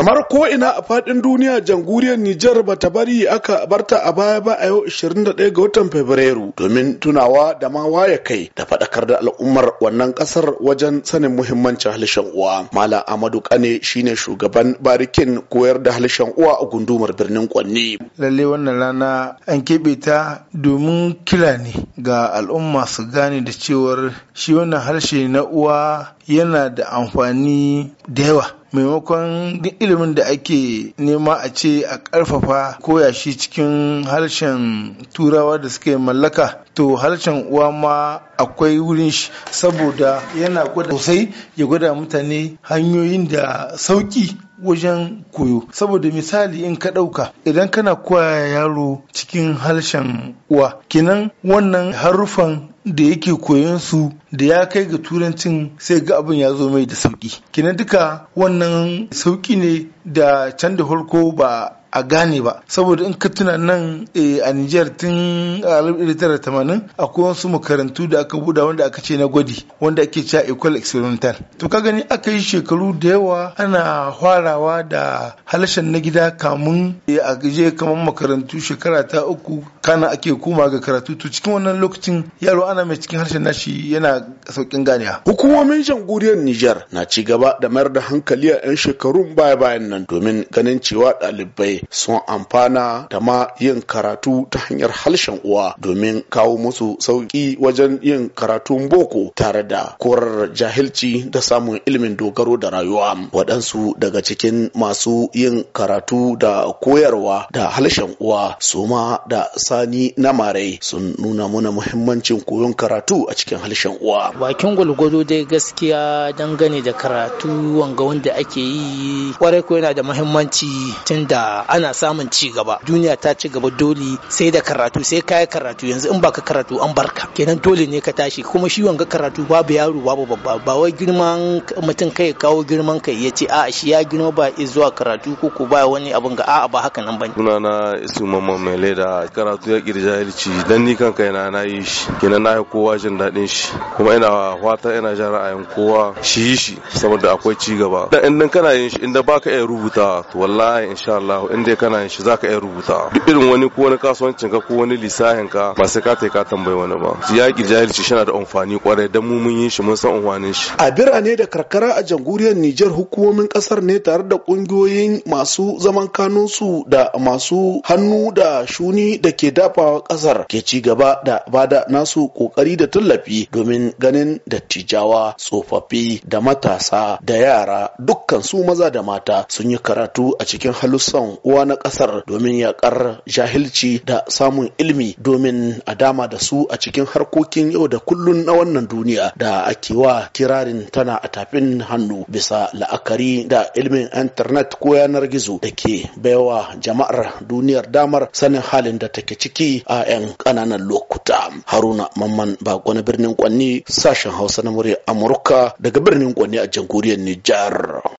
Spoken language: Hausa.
kamar ko ina a fadin duniya janguriyar Nijar ba ta bari aka barta a baya ba a yau 21 ga watan Fabrairu domin tunawa da ma waya kai da faɗakar da al'ummar wannan ƙasar wajen sanin muhimmancin halishan uwa. Mala Amadu Kane shine shugaban barikin koyar da halishan uwa a gundumar birnin Kwanni. Lalle wannan rana an keɓe ta domin kila ne ga al'umma su gane da cewar shi wannan harshe na uwa yana da amfani da yawa maimakon duk ilimin da ake nema a ce a ƙarfafa koya shi cikin harshen turawa da suke mallaka to harshen uwa ma akwai wurin shi saboda yana gwada sosai ya gwada mutane hanyoyin da sauki wajen koyo saboda misali in ka ɗauka idan kana koya yaro cikin harshen uwa kenan wannan haruffan da yake koyon su da ya kai ga turancin sai ga abin ya zo mai da sauƙi. kenan duka wannan sauki ne da can da farko ba a gane ba saboda in ka tuna nan eh, a Nijar tun a 1980 akwai wasu makarantu da aka buɗa wanda aka ce na gwadi wanda ake cewa Ecole Experimental to ka gani aka yi shekaru da yawa ana farawa da halashen na gida kamun eh, a je kamar makarantu shekara ta uku kana ake koma ga karatu to cikin wannan lokacin yaro ana mai cikin harshen nashi yana saukin ganewa hukumomin jamhuriyar Nijar na ci gaba da mayar da hankali a 'yan shekarun baya-bayan nan domin ganin cewa ɗalibai sun amfana da ma yin karatu ta hanyar halshen uwa domin kawo musu sauƙi wajen yin karatun boko tare da korar jahilci da samun ilimin dogaro da rayuwa waɗansu daga cikin masu yin karatu da koyarwa da halshen uwa su ma da sani na marai sun nuna muna muhimmancin koyon karatu a cikin halshen uwa bakin gwalgwado dai gaskiya dangane da karatu wanga wanda ake yi kwarai ko yana da muhimmanci tun da ana samun ci gaba duniya ta ci gaba dole sai da karatu sai kaya karatu yanzu in baka karatu an barka kenan dole ne ka tashi kuma shi wanga karatu babu yaro babu babba ba wai girman mutum kai kawo girman kai ya ce a'a shi ya girma ba zuwa karatu ko ko ba wani abin ga a'a ba haka nan bane na isu mamman mai leda karatu ya kirjahilci dan ni kanka yana na yi shi kenan na kowa jin daɗin shi kuma ina fata ina jin ra'ayin kowa shi shi saboda akwai ci gaba dan in kana yin shi inda baka iya rubuta to wallahi insha Allah dai kana shi zaka iya rubuta duk irin wani ko wani kasuwancin ka ko wani lisahin ka ba sai ka ka tambayi wani ba yaƙi jahilci shi na da amfani kwarai dan mu mun yi shi mun san amfanin shi a birane da karkara a jamhuriyar Nijar hukumomin kasar ne tare da kungiyoyin masu zaman kanunsu da masu hannu da shuni da ke dafawa kasar ke ci gaba da bada nasu kokari da tallafi domin ganin dattijawa tsofaffi da matasa da yara dukkan su maza da mata sun yi karatu a cikin halussan kowa na ƙasar domin yaƙar jahilci da samun ilimi domin a dama da su a cikin harkokin yau da kullun na wannan duniya da ake wa kirarin tana a tafin hannu bisa la'akari da ilimin intanet ko yanar gizo da ke baiwa jama'ar duniyar damar sanin halin da take ciki a 'yan ƙananan lokuta haruna mamman ba gwani birnin kwanni sashen hausa na murya amurka daga birnin kwanni a jamhuriyar nijar